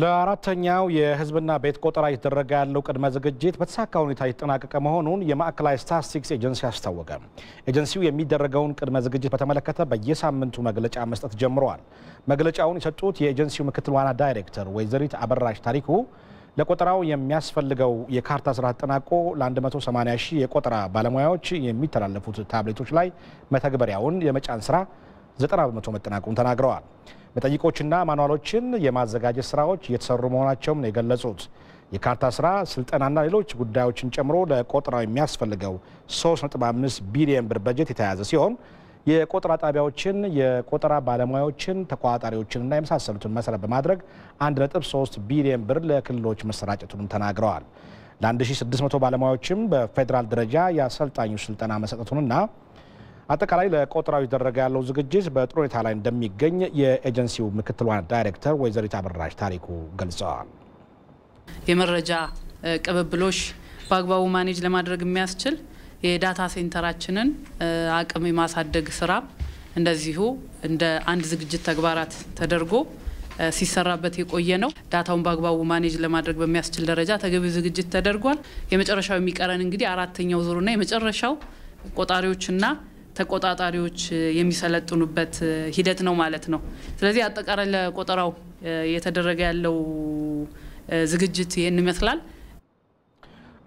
ለአራተኛው የህዝብና ቤት ቆጠራ እየተደረገ ያለው ቅድመ ዝግጅት በተሳካ ሁኔታ እየተጠናቀቀ መሆኑን የማዕከላዊ ስታትስቲክስ ኤጀንሲ አስታወቀ። ኤጀንሲው የሚደረገውን ቅድመ ዝግጅት በተመለከተ በየሳምንቱ መግለጫ መስጠት ጀምረዋል። መግለጫውን የሰጡት የኤጀንሲው ምክትል ዋና ዳይሬክተር ወይዘሪት አበራሽ ታሪኩ ለቆጠራው የሚያስፈልገው የካርታ ስራ ተጠናቆ ለ180 ሺህ የቆጠራ ባለሙያዎች የሚተላለፉት ታብሌቶች ላይ መተግበሪያውን የመጫን ስራ 90 በመቶ መጠናቀቁን ተናግረዋል። መጠይቆችና ማኗሎችን የማዘጋጀት ስራዎች እየተሰሩ መሆናቸውም ነው የገለጹት። የካርታ ስራ ስልጠናና ሌሎች ጉዳዮችን ጨምሮ ለቆጠራው የሚያስፈልገው 3.5 ቢሊዮን ብር በጀት የተያዘ ሲሆን የቆጠራ ጣቢያዎችን፣ የቆጠራ ባለሙያዎችን፣ ተቆጣጣሪዎችንና የመሳሰሉትን መሰረት በማድረግ 1.3 ቢሊዮን ብር ለክልሎች መሰራጨቱንም ተናግረዋል። ለ1600 ባለሙያዎችም በፌዴራል ደረጃ የአሰልጣኙ ስልጠና መሰጠቱንና አጠቃላይ ለቆጠራው የተደረገ ያለው ዝግጅት በጥሩ ሁኔታ ላይ እንደሚገኝ የኤጀንሲው ምክትል ዋና ዳይሬክተር ወይዘሪት አበራሽ ታሪኩ ገልጸዋል። የመረጃ ቅብብሎሽ በአግባቡ ማኔጅ ለማድረግ የሚያስችል የዳታ ሴንተራችንን አቅም የማሳደግ ስራ እንደዚሁ እንደ አንድ ዝግጅት ተግባራት ተደርጎ ሲሰራበት የቆየ ነው። ዳታውን በአግባቡ ማኔጅ ለማድረግ በሚያስችል ደረጃ ተገቢው ዝግጅት ተደርጓል። የመጨረሻው የሚቀረን እንግዲህ አራተኛው ዙርና የመጨረሻው ቆጣሪዎችና ተቆጣጣሪዎች የሚሰለጥኑበት ሂደት ነው ማለት ነው። ስለዚህ አጠቃላይ ለቆጠራው እየተደረገ ያለው ዝግጅት ይህን ይመስላል።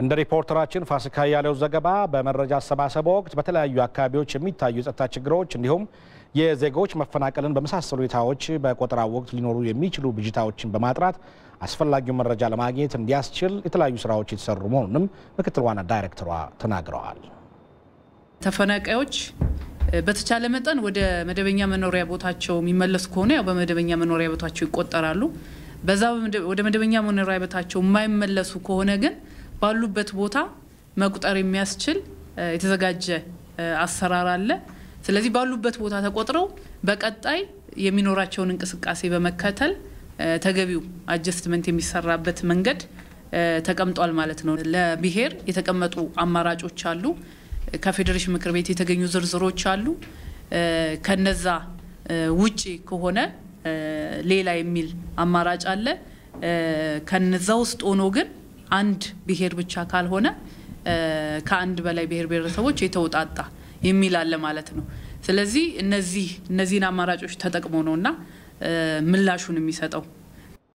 እንደ ሪፖርተራችን ፋሲካ ያለው ዘገባ በመረጃ አሰባሰብ ወቅት በተለያዩ አካባቢዎች የሚታዩ የጸጥታ ችግሮች እንዲሁም የዜጎች መፈናቀልን በመሳሰሉ ሁኔታዎች በቆጠራ ወቅት ሊኖሩ የሚችሉ ብዥታዎችን በማጥራት አስፈላጊውን መረጃ ለማግኘት እንዲያስችል የተለያዩ ስራዎች የተሰሩ መሆኑንም ምክትል ዋና ዳይሬክተሯ ተናግረዋል። ተፈናቃዮች በተቻለ መጠን ወደ መደበኛ መኖሪያ ቦታቸው የሚመለሱ ከሆነ ያው በመደበኛ መኖሪያ ቦታቸው ይቆጠራሉ። በዛ ወደ መደበኛ መኖሪያ ቤታቸው የማይመለሱ ከሆነ ግን ባሉበት ቦታ መቁጠር የሚያስችል የተዘጋጀ አሰራር አለ። ስለዚህ ባሉበት ቦታ ተቆጥረው በቀጣይ የሚኖራቸውን እንቅስቃሴ በመከተል ተገቢው አጀስትመንት የሚሰራበት መንገድ ተቀምጧል ማለት ነው። ለብሔር የተቀመጡ አማራጮች አሉ። ከፌዴሬሽን ምክር ቤት የተገኙ ዝርዝሮች አሉ። ከነዛ ውጪ ከሆነ ሌላ የሚል አማራጭ አለ። ከነዛ ውስጥ ሆኖ ግን አንድ ብሄር ብቻ ካልሆነ ከአንድ በላይ ብሄር ብሔረሰቦች የተውጣጣ የሚል አለ ማለት ነው። ስለዚህ እነዚህ እነዚህን አማራጮች ተጠቅሞ ነውና ምላሹን የሚሰጠው